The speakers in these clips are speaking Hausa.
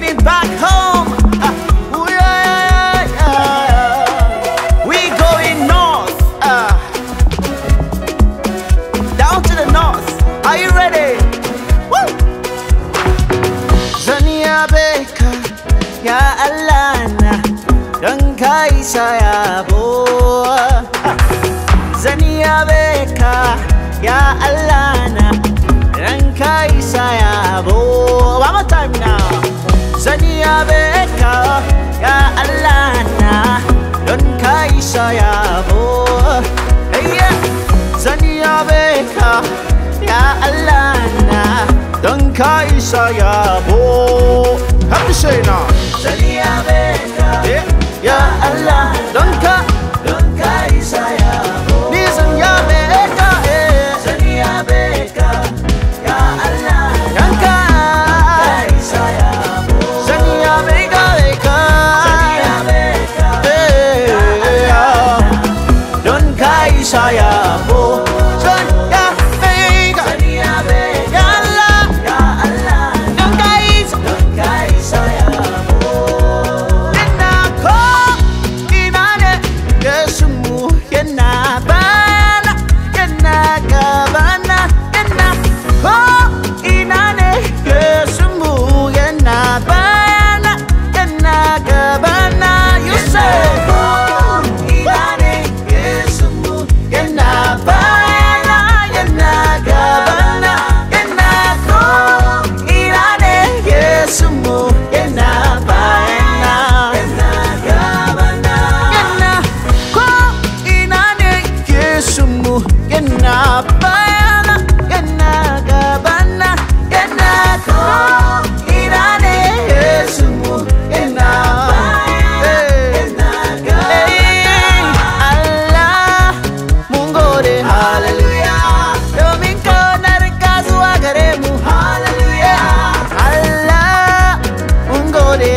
getting back home. Uh, ooh, yeah, yeah, yeah, we going north, uh, down to the north. Are you ready? Woo! Zania beka ya alana dan kai sayabo. Uh, Zania beka ya alana dan kai sayabo. One more time now. zani ya beka ya Allah na don ka isa yabo zani ya beka ya Allah na don kai yabo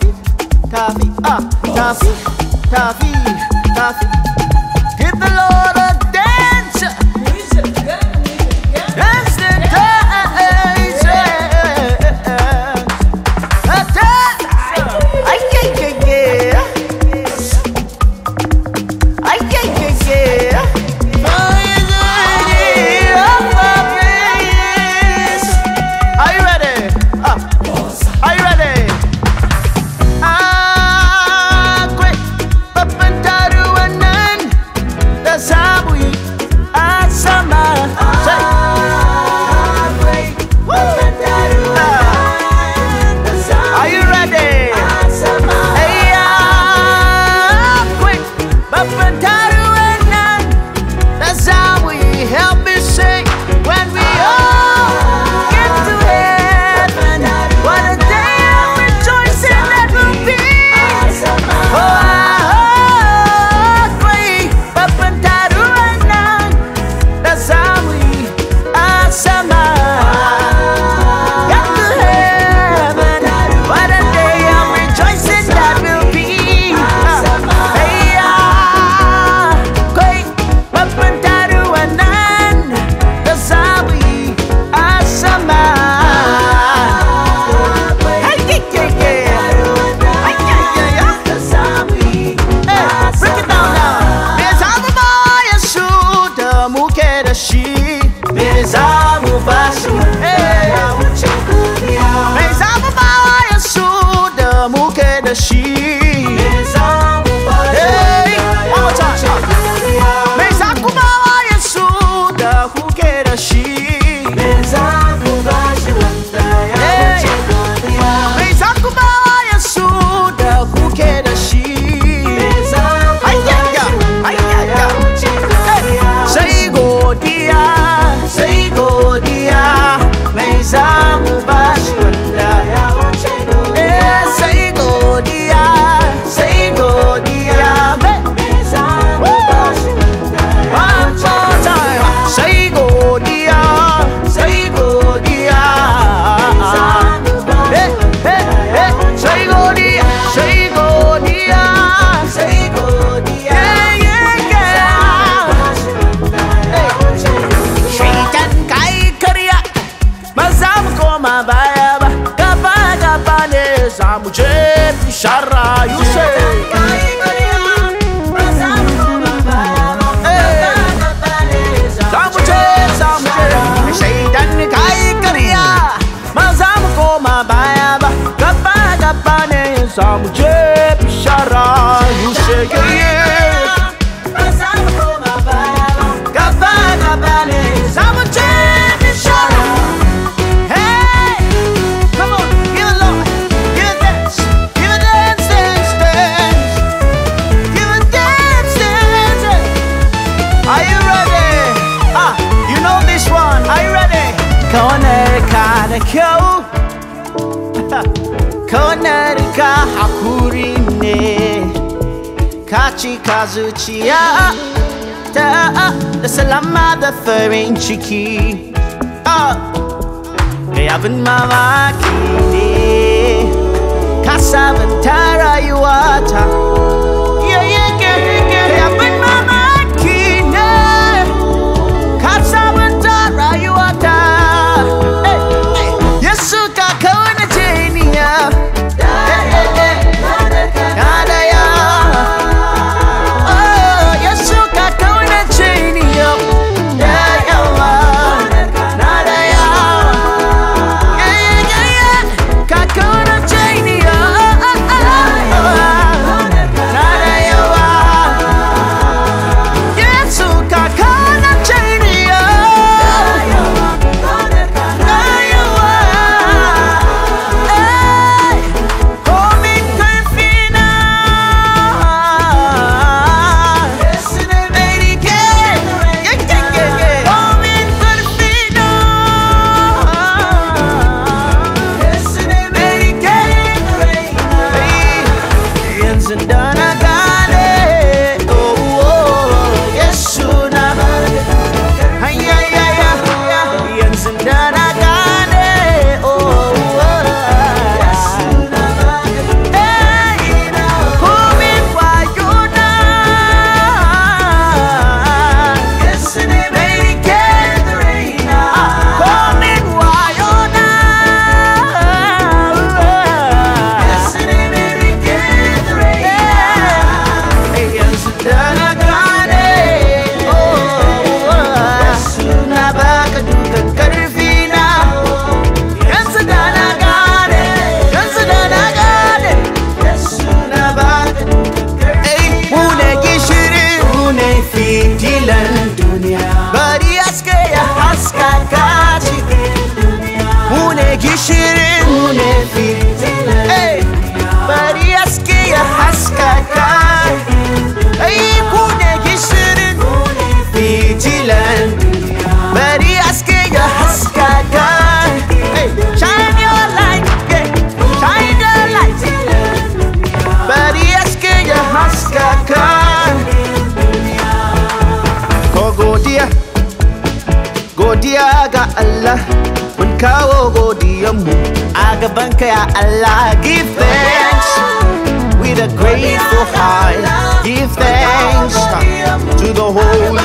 taffy, taffy, ah, taffy, taffy, taffy. Hit the Lord ma ba ya ba ka ba ka ba ne sa mu che ti sharra you say Samu je pisara, you shake your head. kau Kau nerka hakuri ne Kachi kazu chia Ta Da salama da farin chiki Kaya oh. bin mamaki ne Kasa bin tarayu ata Allah mun kawo godiyanmu a gabanka ya Allah give thanks with a grateful heart give thanks to the whole